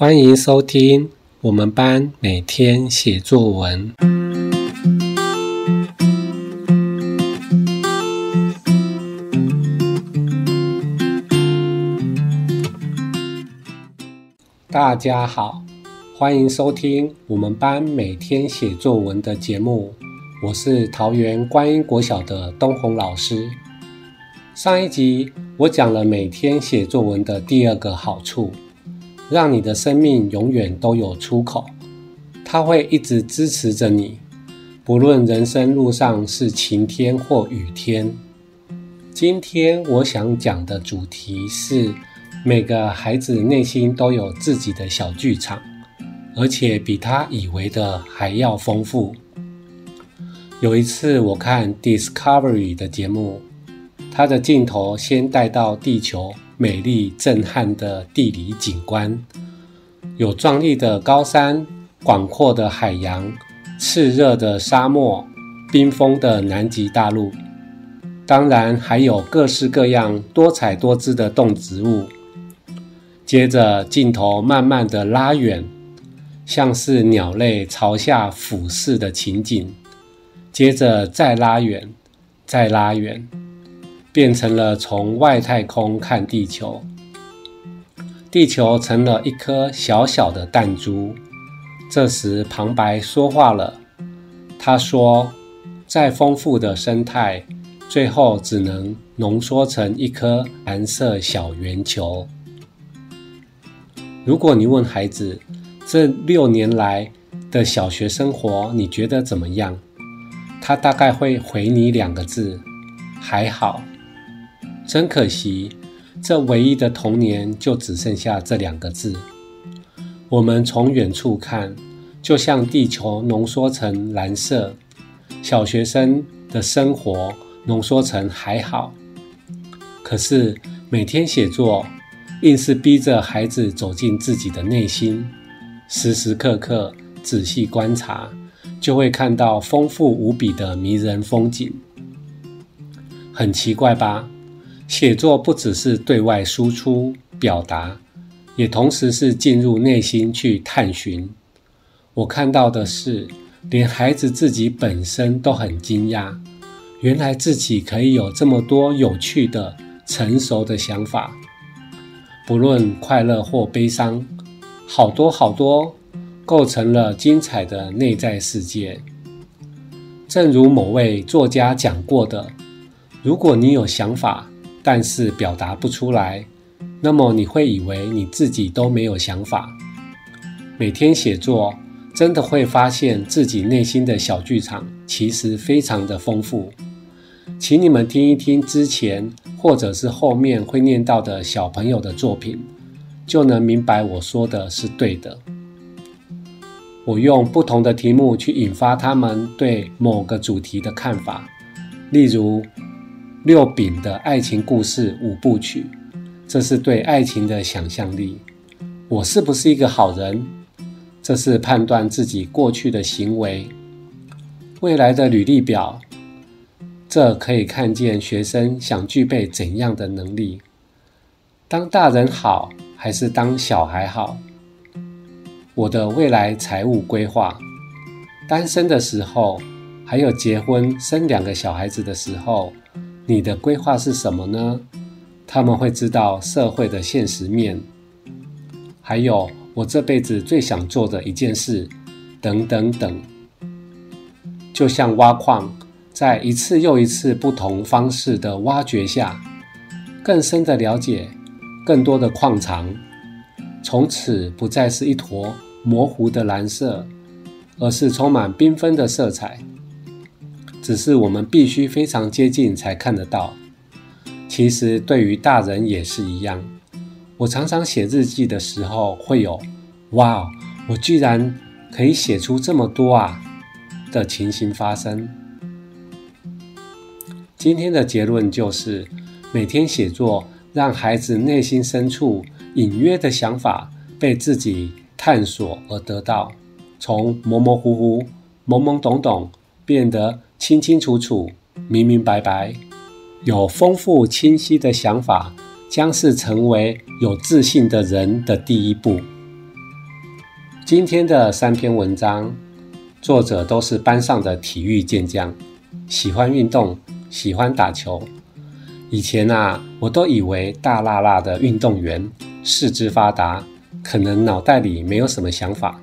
歡迎收聽我們班每天寫作文。大家好，歡迎收聽我們班每天寫作文的節目。我是桃園觀音國小的東宏老師。上一集我講了每天寫作文的第二個好處。讓你的生命永遠都有出口，他會一直支持着你，不論人生路上是晴天或雨天。今天我想講的主題是，每個孩子內心都有自己的小劇場，而且比他以為的還要豐富。有一次我看 Discovery 的節目，他的鏡頭先帶到地球。美麗震撼的地理景觀，有壯麗的高山、廣闊的海洋、熾熱的沙漠、冰封的南極大陸，當然還有各式各樣、多彩多姿的動植物。接着鏡頭慢慢地拉遠，像是鳥類朝下俯視的情景。接着再拉遠，再拉遠。變成了從外太空看地球，地球成了一顆小小的彈珠。這時旁白說話了，他說：“再豐富的生態，最後只能濃縮成一顆藍色小圓球。”如果你問孩子，這六年來的小學生活你覺得怎麼樣？他大概會回你兩個字：“還好。”真可惜，這唯一的童年就只剩下這兩個字。我們從遠處看，就像地球濃縮成藍色，小學生的生活濃縮成還好。可是每天寫作，硬是逼着孩子走進自己的內心，時時刻刻仔細觀察，就會看到豐富無比的迷人風景。很奇怪吧？寫作不只是對外輸出表達，也同時是進入內心去探尋。我看到的是，連孩子自己本身都很驚訝，原來自己可以有這麼多有趣的、成熟的想法。不論快樂或悲傷，好多好多，構成了精彩的內在世界。正如某位作家講過的，如果你有想法，但是表達不出來，那麼你會以為你自己都沒有想法。每天寫作，真的會發現自己內心的小劇場其實非常的豐富。請你們聽一聽之前或者是後面會念到的小朋友的作品，就能明白我說的是對的。我用不同的題目去引發他們對某個主題的看法，例如，六丙的愛情故事五部曲，這是對愛情的想象力。我是不是一個好人？這是判斷自己過去的行為。未來的履歷表，這可以看見學生想具備怎樣的能力。當大人好還是當小孩好？我的未來財務規劃，單身的時候，還有結婚生兩個小孩子的時候。你的規劃是什麼呢？他們會知道社會的現實面，還有我這輩子最想做的一件事，等等等。就像挖礦，在一次又一次不同方式的挖掘下，更深的了解，更多的礦藏，從此不再是一坨模糊的藍色，而是充滿繽紛的色彩。只是我們必須非常接近才看得到。其實對於大人也是一樣。我常常寫日記的時候會有“哇，我居然可以寫出這麼多啊”的情形發生。今天的結論就是，每天寫作讓孩子內心深處隱約的想法被自己探索而得到，從模模糊糊、懵懵懂懂。變得清清楚楚、明明白白，有豐富清晰的想法，將是成為有自信的人的第一步。今天的三篇文章，作者都是班上的體育健將，喜歡運動，喜歡打球。以前啊，我都以為大剌剌的運動員，四肢發達，可能腦袋裡沒有什麼想法。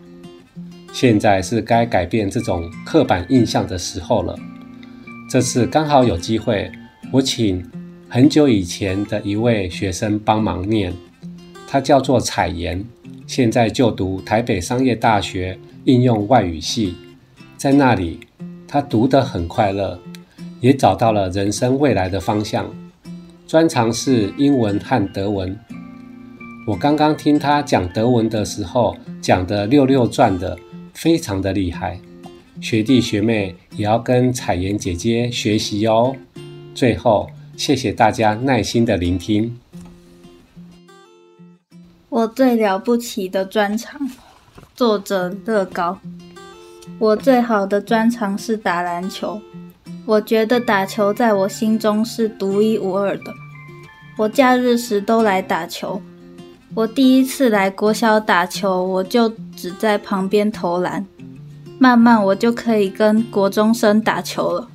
現在是該改變這種刻板印象的時候了。這次剛好有機會，我請很久以前的一位學生幫忙念，他叫做彩妍，現在就讀台北商業大學應用外語系，在那裡他讀得很快樂，也找到了人生未來的方向，專長是英文和德文。我剛剛聽他講德文的時候，講得溜溜轉的。非常的厲害，學弟學妹也要跟彩妍姐姐學習喲、哦。最後，謝謝大家耐心的聆聽。我最了不起的專長，作者樂高。我最好的專長是打籃球，我覺得打球在我心中是獨一無二的。我假日時都來打球。我第一次來國小打球，我就只在旁邊投籃。慢慢，我就可以跟國中生打球了。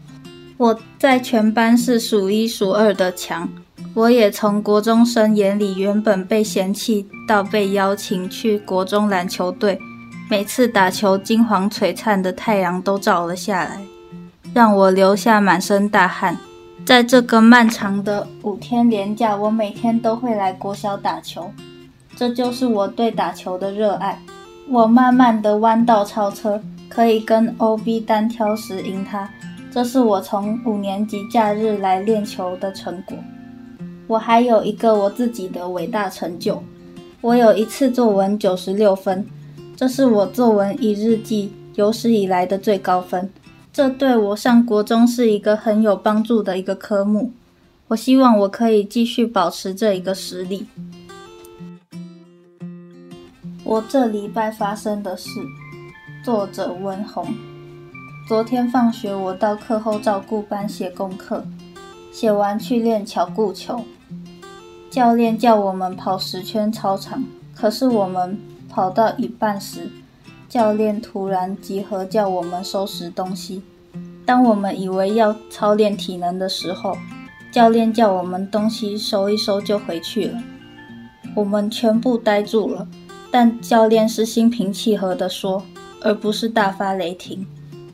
我在全班是數一數二的強。我也從國中生眼裡原本被嫌棄到被邀請去國中籃球隊。每次打球，金黃璀璨的太陽都照了下來，讓我留下滿身大汗。在這個漫長的五天連假，我每天都會來國小打球。這就是我對打球的熱愛。我慢慢的彎道超車，可以跟 OB 單挑時贏他。這是我從五年級假日來練球的成果。我還有一個我自己的偉大成就。我有一次作文九十六分，這是我作文與日記有史以來的最高分。這對我上國中是一個很有幫助的一個科目。我希望我可以繼續保持這一個實力。我這禮拜發生的事。作者溫紅。昨天放學，我到課後照顧班寫功課，寫完去練巧固球。教練叫我們跑十圈操場，可是我們跑到一半時，教練突然集合叫我們收拾東西。當我們以為要操練體能的時候，教練叫我們東西收一收就回去了。我們全部呆住了。但教練是心平氣和地說，而不是大發雷霆。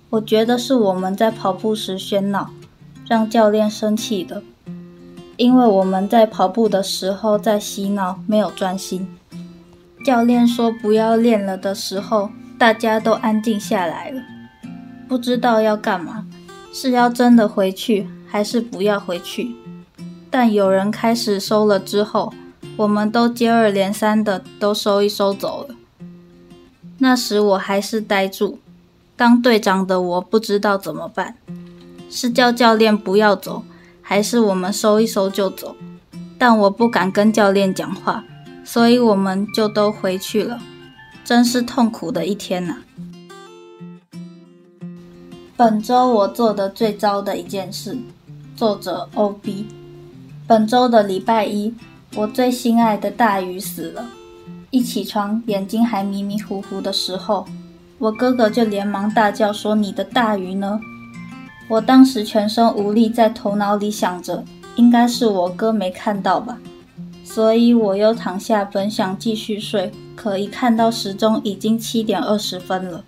我覺得是我們在跑步時喧鬧，讓教練生氣的。因為我們在跑步的時候在嬉鬧，沒有專心。教練說不要練了的時候，大家都安靜下來了。不知道要幹嘛，是要真的回去，還是不要回去？但有人開始收了之後。我們都接二連三的都收一收走了。那時我還是呆住，當隊長的我不知道怎麼辦，是叫教練不要走，還是我們收一收就走？但我不敢跟教練講話，所以我們就都回去了。真是痛苦的一天吶。本周我做的最糟的一件事，作者 OB。本周的禮拜一。我最心愛的大魚死了。一起床，眼睛還迷迷糊糊的時候，我哥哥就連忙大叫說：“你的大魚呢？”我當時全身無力，在頭腦裡想着，應該是我哥沒看到吧，所以我又躺下，本想繼續睡，可一看到時鐘已經七點二十分了，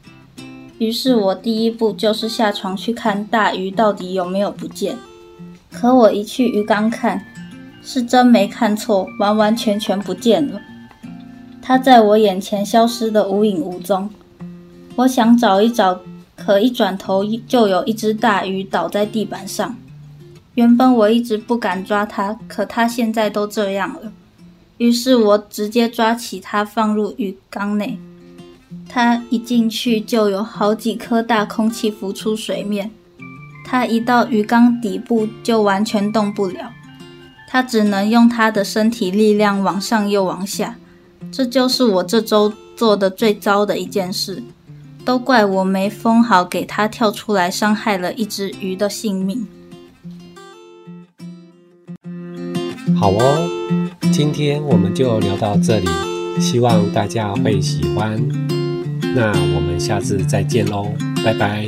於是我第一步就是下床去看大魚到底有沒有不見。可我一去魚缸看。是真沒看錯，完完全全不見了。它在我眼前消失得無影無蹤。我想找一找，可一轉頭就有一只大魚倒在地板上。原本我一直不敢抓它，可它現在都這樣了，於是我直接抓起它放入魚缸內。它一進去就有好幾顆大空氣浮出水面。它一到魚缸底部就完全動不了。他只能用他的身體力量往上又往下，這就是我這週做的最糟的一件事，都怪我沒封好，給他跳出來傷害了一隻魚的性命。好哦，今天我們就聊到這裡，希望大家會喜歡。那我們下次再見嘍，拜拜。